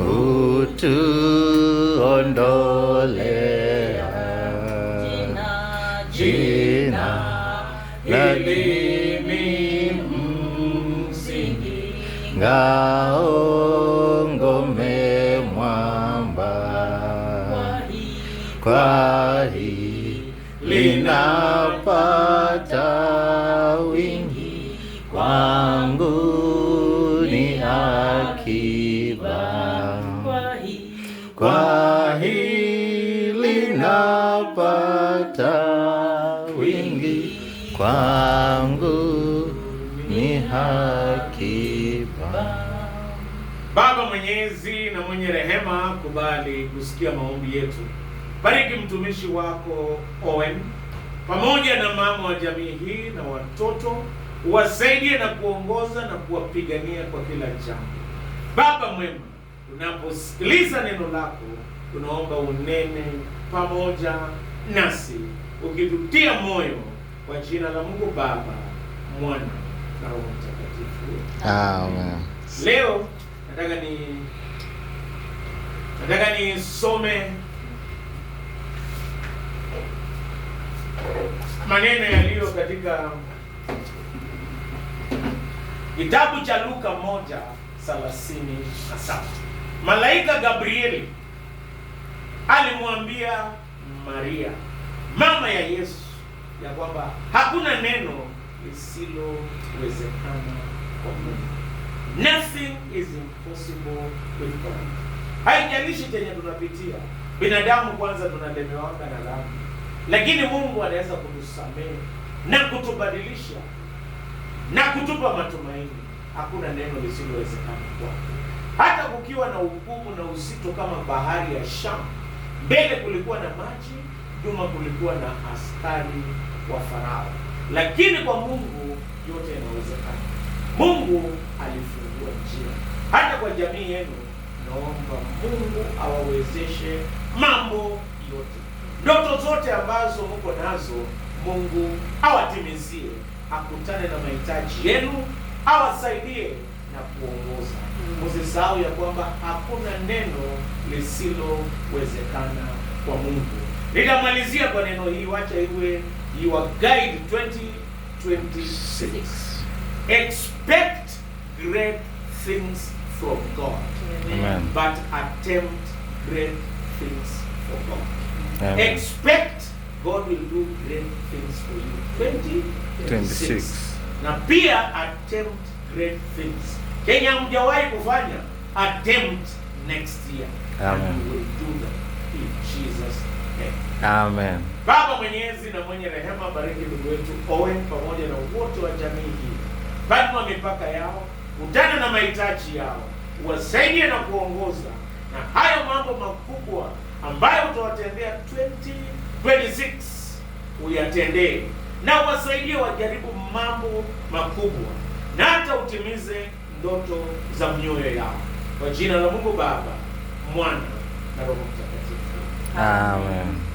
utu ondolea jina lalimi msingi kwahi linapata napata wingi, kwangu ni haki. Baba mwenyezi na mwenye rehema, kubali kusikia maombi yetu. Bariki mtumishi wako Owen pamoja na mama wa jamii hii na watoto, uwasaidie na kuongoza na kuwapigania kwa kila jambo. Baba mwema, unaposikiliza neno lako tunaomba unene pamoja nasi ukitutia moyo kwa jina la Mungu Baba, Mwana na Roho Mtakatifu. Amen. Leo nataka ni nataka nisome maneno yaliyo katika kitabu cha Luka moja thelathini na saba. Malaika Gabrieli alimwambia Maria mama ya Yesu ya kwamba hakuna neno lisilowezekana kwa Mungu. Nothing is impossible with God. Haijalishi chenye tunapitia binadamu, kwanza tunalemewanga na dhambi, lakini Mungu anaweza kutusamehe na kutubadilisha na kutupa matumaini. Hakuna neno lisilowezekana kwake, hata kukiwa na ugumu na uzito kama bahari ya Shamu mbele kulikuwa na maji, nyuma kulikuwa na askari wa Farao, lakini kwa Mungu yote yanawezekana. Mungu alifungua njia hata kwa jamii yenu. Naomba Mungu awawezeshe mambo yote, ndoto zote ambazo mko nazo, Mungu awatimizie, akutane na mahitaji yenu, awasaidie na kuo kusahau ya kwamba hakuna neno lisilowezekana kwa Mungu. Nitamalizia kwa neno hii, wacha iwe your guide 2026. Expect great things from God. Amen. But attempt great things for God. Amen. Expect God will do great things for you. 2026. 26. Na pia attempt great things Kenya mjawai kufanya, attempt next year. Amen. And we will do that in Jesus name. Amen. Baba mwenyezi na mwenye rehema, bariki ndugu wetu Owen pamoja na wote wa jamii hii, panua mipaka yao, kutana na mahitaji yao, uwasaidie na kuongoza na hayo mambo makubwa ambayo utawatendea 2026 uyatendee, na uwasaidie wajaribu mambo makubwa na hata utimize ndoto za mioyo yao. Kwa jina la Mungu Baba, Mwana na Roho Mtakatifu, amen.